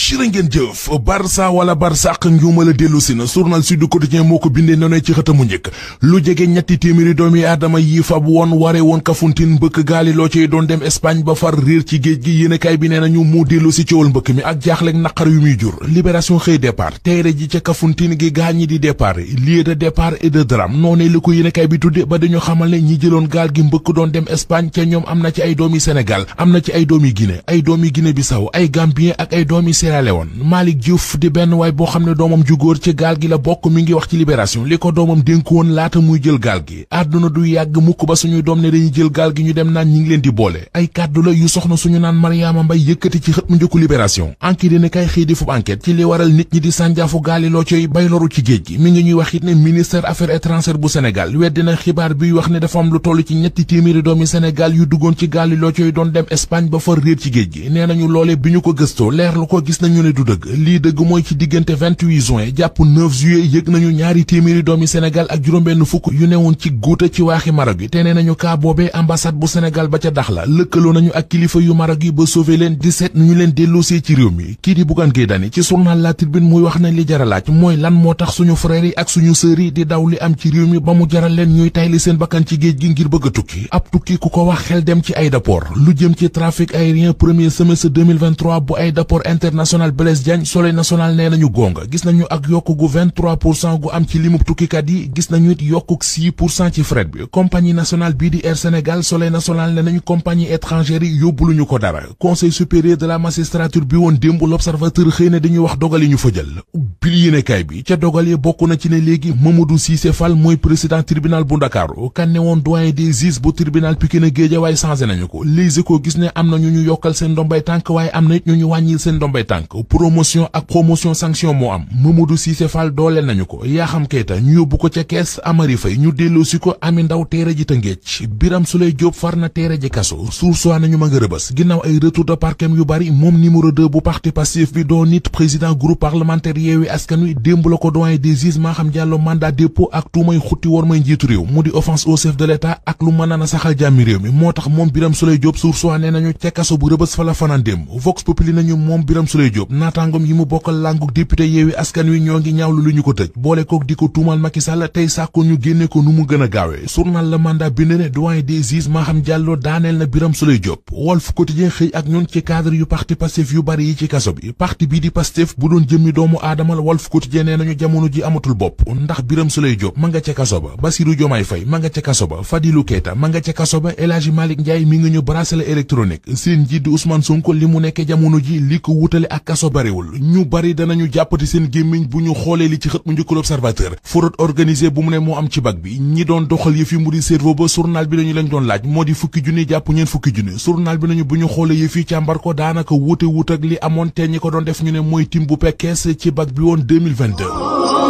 jërë ngeen jëf barça wala barsàq njuuma la dellu si na journal Sud Quotidien moo ko bindee noonu ci xëtamu njëkk lu jege ñetti téeméeri doomi aadama yi fab woon ware woon Kafountine mbëkk gaali loo cey doon dem Espagne ba far réer ci géej gi yéenekaay bi nee nañu moo dellu si coowal mbëkk mi ak jaaxleeg naqar yu muy jur libération xëy départ teere ji ca Kafountine gi gaa ñi di départ lieu de départ et de drame noonee li ko yéenekaay bi tudde ba dañu xamal ne ñi jëloon gaal gi mbëkk doon dem Espagne ca ñoom am na ci ay doomi Sénégal am na ci ay doomi Guinée ay doomi Guinée Bissau ay Gambien ak ay doomi signalé woon Malick Diouf di benn waay boo xam ne doomam ju ci gaal gi la bokk mi ngi wax ci libération li ko doomam dénk woon laata muy jël gaal gi àdduna du yàgg mukk ba suñuy doom ne dañuy jël gaal gi ñu dem naan ñi ngi leen di boole ay kàddu la yu soxna suñu naan Mariama Mbay yëkkati ci xët mu njëkku libération enquête dina kay xëy di fub enquête ci li waral nit ñi di sànjaafu gaali loo coy bay loru ci géej gi mi ngi ñuy wax it ne ministère affaires étrangères bu Sénégal wax ne dafa am lu toll ci ñetti téeméeri doomi Sénégal yu duggoon ci gaali loo coy doon dem Espagne ba far réer ci géej gi gis nañu ne du dëgg lii dëgg mooy ci diggante juin jàpp 9 yëg nañu ñaari téeméeri doomi Sénégal ak juróom-benn fukk yu newoon ci guuta ci waaxi Maroc yi te nee nañu kaa boobee bu Sénégal ba ca Dakhla lëkkaloo nañu ak kilifa yu Maroc yi ba sauver leen 17 nu ñu leen delloosee ci réew mi kii di Bougane Gueye ci journal La Tribune muy wax na li jaralaaj mooy lan moo tax suñu frères yi ak suñu sœurs di daw li am ci réew mi ba mu jaral a tukki ab tukki ku ko wax xel dem ci aéroport lu national Blaise Diagne soleil national nee nañu gonga gis nañu ak yokk gu 23 pour cent gu am ci limub tukkikat yi gis nañu it yokkuk 6 pour cent ci fret bi compagnie nationale bii di Air Sénégal soleil national nee nañu compagnie étrangère yi ñu ko dara conseil supérieur de la magistrature bi woon démb l'observateur xëy na dañu wax dogal yi ñu fa jël bil yéenekaay bi ca dogal yi bokk na ci ne léegi Mamadou Cissé Fall mooy président tribunal bu Ndakaaru kan ne woon doyen des juges bu tribunal Pikine Guédiawaye changé nañu ko Les Échos gis ne am na ñu ñu yokkal seen ndombay tànk waaye am na ñu ñu wàññil seen ndombay tànk promotion ak promotion sanction moo am Mamadou Cissé Fall doole nañu ko Yaxam Keita ñu yóbbu ko ca kees Amari Faye ñu delloosi ko Ami Ndaw teere ji Tëngéej Biram Souleye Diop far na teere ji kaso sursoi nañu ma rëbës ginnaaw ay retour de parquet yu bari moom numéro 2 bu parti Pastef bi doon nit président groupe parlementaire Yewwi Askan Wi démb la ko doyen des juges Maham Diallo mandat dépôt ak tuumay xutti war njiitu réew mu di offense au a saxal jàmmi réew mi moo tax moom Biram Souleye Diop naataangoom yi mu bokkal làngu député yeewi askan wi ñoo ngi ñaawlu lu ñu ko tëj boole kook di ko tuumal Macky tey sàkko ñu génne ko nu mu gën a gaawee journal Le bind ne doyen des juges Maham Diallo daaneel na Birame Souleye Diop Walf Quotidien xëy ak ñun ci cadre yu parti Pastef yu bari yi ci kaso bi parti bii di Pastef bu doon jëmmi doomu aadama la Walf Quotidien nee nañu jamono ji amatul bopp ndax Birame Souleye Diop ma ma nga ca kaso ba Fadilou Keita ak kaso bariwul ñu bari danañu jàppati seen gémmiñ bu ñu xoolee li ci xët mu njëkk l'Observateur fraude organisée bu mu ne moo am ci bag bi ñi doon doxal yëf yi mu di cerveau ba journal bi nañu lañ doon laaj moo di fukki junni jàpp ñeen fukki junni journal bi nañu bu ñu xoolee yëf yi càmbar ko daanaka wuute wuut ak li amoon te ñi ko doon def ñu ne mooy tim bu pekkees ci bag bi woon 2022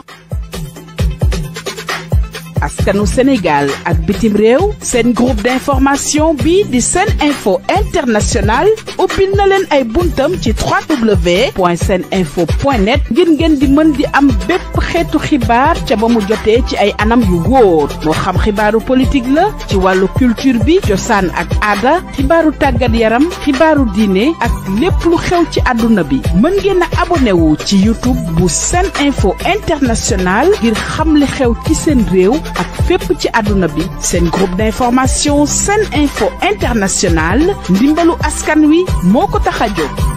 askanu Sénégal ak bitim réew seen groupe d'information bi di seen info international ubbil na leen ay buntam ci www.seninfo.net ngir ngeen di mën di am bépp xeetu xibaar ca ba mu jotee ci ay anam yu wóor moo xam xibaaru politique la ci wàllu culture bi cosaan ak aada xibaaru tàggat yaram xibaaru diine ak lépp lu xew ci àdduna bi mën ngeen a abonné wu ci youtube bu seen info international ngir xam li xew ci seen réew ak fépp ci àdduna bi seen groupe d'information seen info international ndimbalu askan wi moo ko tax a jóg